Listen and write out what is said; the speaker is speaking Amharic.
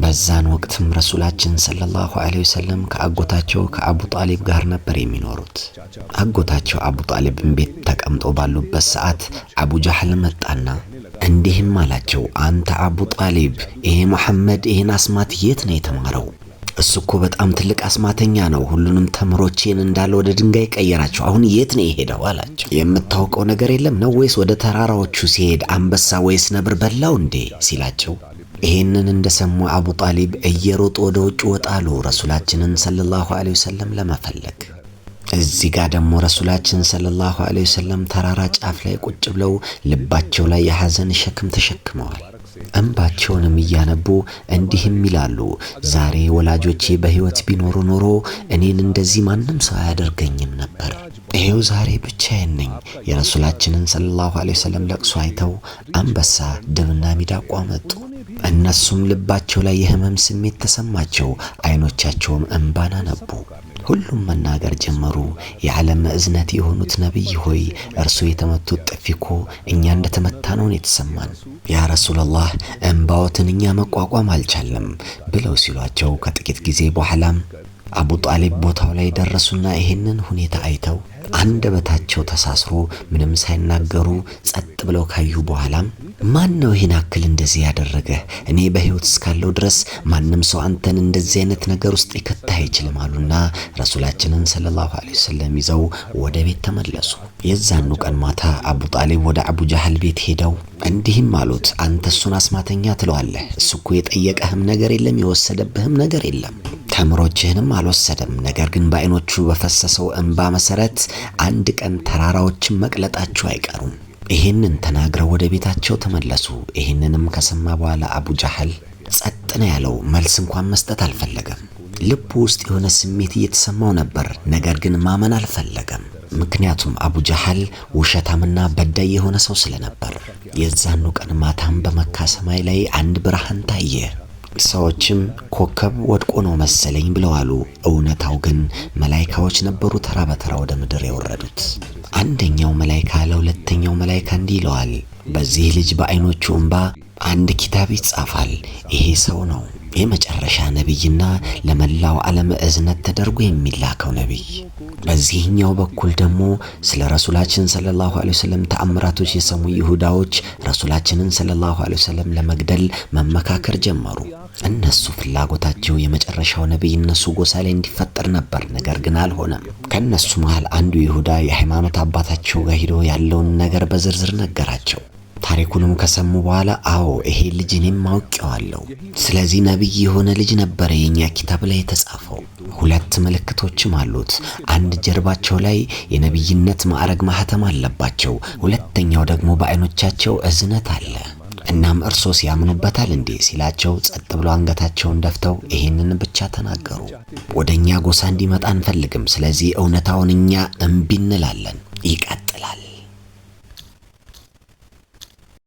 በዛን ወቅትም ረሱላችን ሰለላሁ ዐለይሂ ወሰለም ከአጎታቸው ከአቡ ጣሊብ ጋር ነበር የሚኖሩት። አጎታቸው አቡ ጣሊብን ቤት ተቀምጠው ባሉበት ሰዓት አቡ ጃህል መጣና እንዲህም አላቸው፣ አንተ አቡ ጣሊብ፣ ይሄ መሐመድ ይሄን አስማት የት ነው የተማረው? እሱ እኮ በጣም ትልቅ አስማተኛ ነው። ሁሉንም ተምሮቼን እንዳለ ወደ ድንጋይ ቀየራቸው። አሁን የት ነው የሄደው አላቸው። የምታውቀው ነገር የለም ነው ወይስ ወደ ተራራዎቹ ሲሄድ አንበሳ ወይስ ነብር በላው እንዴ ሲላቸው ይህንን እንደሰሙ አቡ ጣሊብ እየሮጡ ወደ ውጭ ወጣሉ ረሱላችንን ሰለላሁ ዐለይሂ ወሰለም ለመፈለግ። እዚህ ጋር ደግሞ ረሱላችን ሰለላሁ ዐለይሂ ወሰለም ተራራ ጫፍ ላይ ቁጭ ብለው ልባቸው ላይ የሐዘን ሸክም ተሸክመዋል። እንባቸውንም እያነቡ እንዲህም ይላሉ፣ ዛሬ ወላጆቼ በሕይወት ቢኖሩ ኖሮ እኔን እንደዚህ ማንም ሰው አያደርገኝም ነበር። ይሄው ዛሬ ብቻዬን ነኝ። የረሱላችንን ሰለላሁ ዐለይሂ ወሰለም ለቅሶ አይተው አንበሳ፣ ድብና ሚዳቋ መጡ። እነሱም ልባቸው ላይ የህመም ስሜት ተሰማቸው፣ አይኖቻቸውም እምባን አነቡ። ሁሉም መናገር ጀመሩ። የዓለም እዝነት የሆኑት ነቢይ ሆይ እርሱ የተመቱት ጥፊ እኮ እኛ ተመታ ነውን የተሰማን ያ ረሱላላህ፣ እምባዎትን እኛ መቋቋም አልቻለም ብለው ሲሏቸው ከጥቂት ጊዜ በኋላም አቡ ጣሊብ ቦታው ላይ ደረሱና ይህንን ሁኔታ አይተው አንደበታቸው ተሳስሮ ምንም ሳይናገሩ ጸጥ ብለው ካዩ በኋላም ማን ነው ይህን አክል እንደዚህ ያደረገ? እኔ በህይወት እስካለው ድረስ ማንም ሰው አንተን እንደዚህ አይነት ነገር ውስጥ ይከታ አይችልም አሉና ረሱላችንን ሰለላሁ ዐለይሂ ወሰለም ይዘው ወደ ቤት ተመለሱ። የዛኑ ቀን ማታ አቡ ጣሊብ ወደ አቡ ጃህል ቤት ሄደው እንዲህም አሉት፣ አንተ እሱን አስማተኛ ትለዋለህ። እሱ እኮ የጠየቀህም ነገር የለም የወሰደብህም ነገር የለም ተምሮችህንም አልወሰደም። ነገር ግን በአይኖቹ በፈሰሰው እንባ መሰረት አንድ ቀን ተራራዎችን መቅለጣቸው አይቀሩም። ይህንን ተናግረው ወደ ቤታቸው ተመለሱ። ይህንንም ከሰማ በኋላ አቡ ጃህል ጸጥ ነው ያለው። መልስ እንኳን መስጠት አልፈለገም። ልቡ ውስጥ የሆነ ስሜት እየተሰማው ነበር፣ ነገር ግን ማመን አልፈለገም። ምክንያቱም አቡ ጃህል ውሸታምና በዳይ የሆነ ሰው ስለነበር። የዛኑ ቀን ማታም በመካ ሰማይ ላይ አንድ ብርሃን ታየ። ሰዎችም ኮከብ ወድቆ ነው መሰለኝ ብለዋሉ። እውነታው ግን መላይካዎች ነበሩ ተራ በተራ ወደ ምድር የወረዱት። አንደኛው መላይካ ለሁለተኛው መላይካ እንዲህ ይለዋል፣ በዚህ ልጅ በአይኖቹ እንባ አንድ ኪታብ ይጻፋል። ይሄ ሰው ነው የመጨረሻ ነቢይና ለመላው ዓለም እዝነት ተደርጎ የሚላከው ነቢይ። በዚህኛው በኩል ደግሞ ስለ ረሱላችን ሰለላሁ ዐለይሂ ወሰለም ተአምራቶች የሰሙ ይሁዳዎች ረሱላችንን ሰለላሁ ዐለይሂ ወሰለም ለመግደል መመካከር ጀመሩ። እነሱ ፍላጎታቸው የመጨረሻው ነቢይ እነሱ ጎሳ ላይ እንዲፈጠር ነበር። ነገር ግን አልሆነም። ከእነሱ መሃል አንዱ ይሁዳ የሃይማኖት አባታቸው ጋር ሂዶ ያለውን ነገር በዝርዝር ነገራቸው። ታሪኩንም ከሰሙ በኋላ አዎ ይሄ ልጅ እኔም አውቄዋለሁ፣ ስለዚህ ነቢይ የሆነ ልጅ ነበረ የእኛ ኪታብ ላይ የተጻፈው። ሁለት ምልክቶችም አሉት። አንድ ጀርባቸው ላይ የነቢይነት ማዕረግ ማህተም አለባቸው። ሁለተኛው ደግሞ በአይኖቻቸው እዝነት አለ። እናም እርሶስ ያምኑበታል እንዴ ሲላቸው ጸጥ ብሎ አንገታቸውን ደፍተው ይሄንን ብቻ ተናገሩ። ወደ እኛ ጎሳ እንዲመጣ አንፈልግም። ስለዚህ እውነታውን እኛ እምቢ እንላለን። ይቀጥላል።